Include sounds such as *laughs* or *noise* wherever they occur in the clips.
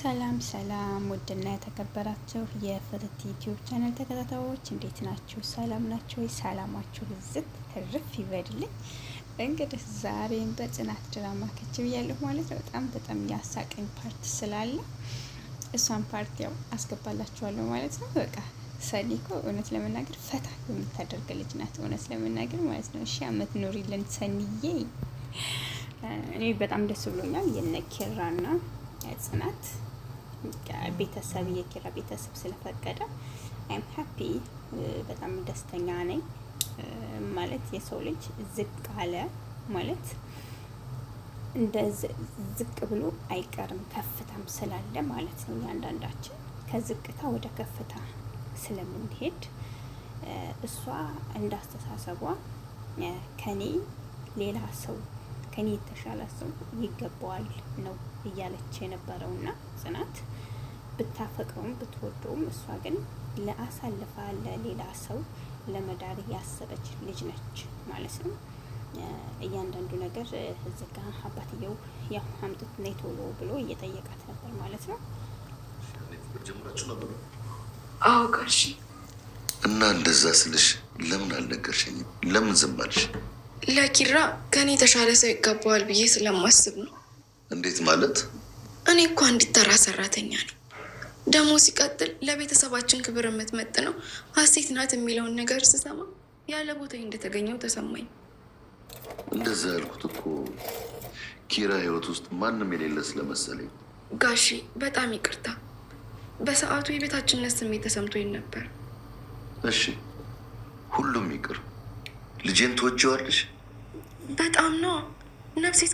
ሰላም ሰላም፣ ውድና የተከበራችሁ የፍርት ዩቲዩብ ቻናል ተከታታዮች እንዴት ናችሁ? ሰላም ናችሁ ወይ? ሰላማችሁ ብዝት ትርፍ ይበድልኝ። እንግዲህ ዛሬም በጽናት ድራማ ከች ብያለሁ ማለት ነው። በጣም በጣም ያሳቀኝ ፓርት ስላለ እሷን ፓርት ያው አስገባላችኋለሁ ማለት ነው። በቃ ሰኒ እኮ እውነት ለመናገር ፈታ የምታደርግ ልጅ ናት። እውነት ለመናገር ማለት ነው። እሺ አመት ኑሪልን ሰኒዬ። እኔ በጣም ደስ ብሎኛል የነ ጽናት ቤተሰብ የኪራ ቤተሰብ ስለፈቀደ አይም ሀፒ በጣም ደስተኛ ነኝ። ማለት የሰው ልጅ ዝቅ አለ ማለት እንደ ዝቅ ብሎ አይቀርም ከፍታም ስላለ ማለት ነው። እያንዳንዳችን ከዝቅታ ወደ ከፍታ ስለምንሄድ እሷ እንዳስተሳሰቧ ከኔ ሌላ ሰው ከኔ የተሻለ ሰው ይገባዋል ነው እያለች የነበረውና ጽናት ብታፈቅረውም ብትወደውም እሷ ግን ለአሳልፋ ለሌላ ሰው ለመዳር ያሰበች ልጅ ነች ማለት ነው። እያንዳንዱ ነገር እዚህ ጋ አባትየው ያው አምጥት ነይ ቶሎ ብሎ እየጠየቃት ነበር ማለት ነው። አዎ ጋሽ እና እንደዛ ስልሽ ለምን አልነገርሽኝም? ለምን ዝም አልሽ? ለኪራ ከኔ የተሻለ ሰው ይገባዋል ብዬ ስለማስብ ነው። እንዴት ማለት? እኔ እኮ አንዲት ተራ ሰራተኛ ነው! ደግሞ ሲቀጥል ለቤተሰባችን ክብር ነው ሀሴት ናት የሚለውን ነገር ስሰማ ያለ ቦታ እንደተገኘው ተሰማኝ። እንደዛ ያልኩት እኮ ኪራ ህይወት ውስጥ ማንም የሌለ ስለመሰለኝ። ጋሺ በጣም ይቅርታ፣ በሰዓቱ የቤታችንነት ስሜት ተሰምቶኝ ነበር። እሺ ሁሉም ይቅር። ልጄን ትወጂዋለሽ? በጣም ነው ነፍሴት።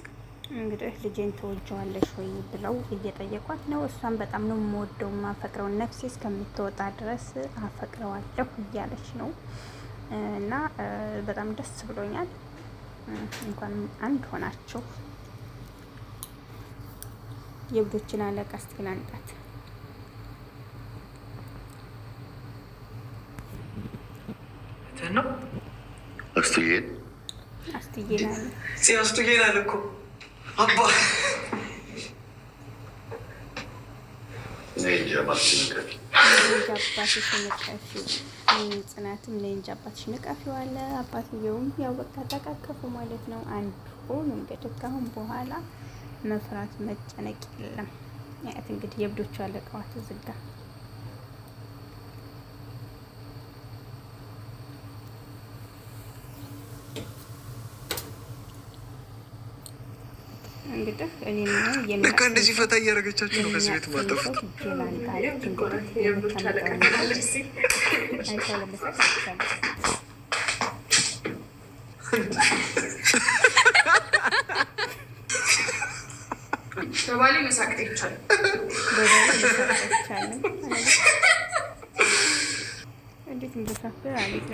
እንግዲህ ልጄን ተወጀዋለሽ ወይ ብለው እየጠየቋት ነው። እሷን በጣም ነው የምወደው የማፈቅረው ነፍሴ እስከምትወጣ ድረስ አፈቅረዋለሁ እያለች ነው። እና በጣም ደስ ብሎኛል። እንኳን አንድ ሆናችሁ የብዶችን አለቃ እስኪ ላንጣት ነው እስትዬን ጌናል እኮ አባ ጽናትም ነይ አባትሽ ንቃፊው አለ። አባትየውም ያው በቃ ተቃቀፉ ማለት ነው። አንድ እንግዲህ ካሁን በኋላ መፍራት መጨነቅ የለም። ያት እንግዲህ የብዶቹ እንግዲህ እኔና ልክ እንደዚህ ፈታ እያደረገቻችሁ ነው። ከዚህ ቤት ማጠፉት *laughs* በባሌ መሳቅ ይቻላል። እንዴት እንደሳፍር አቤት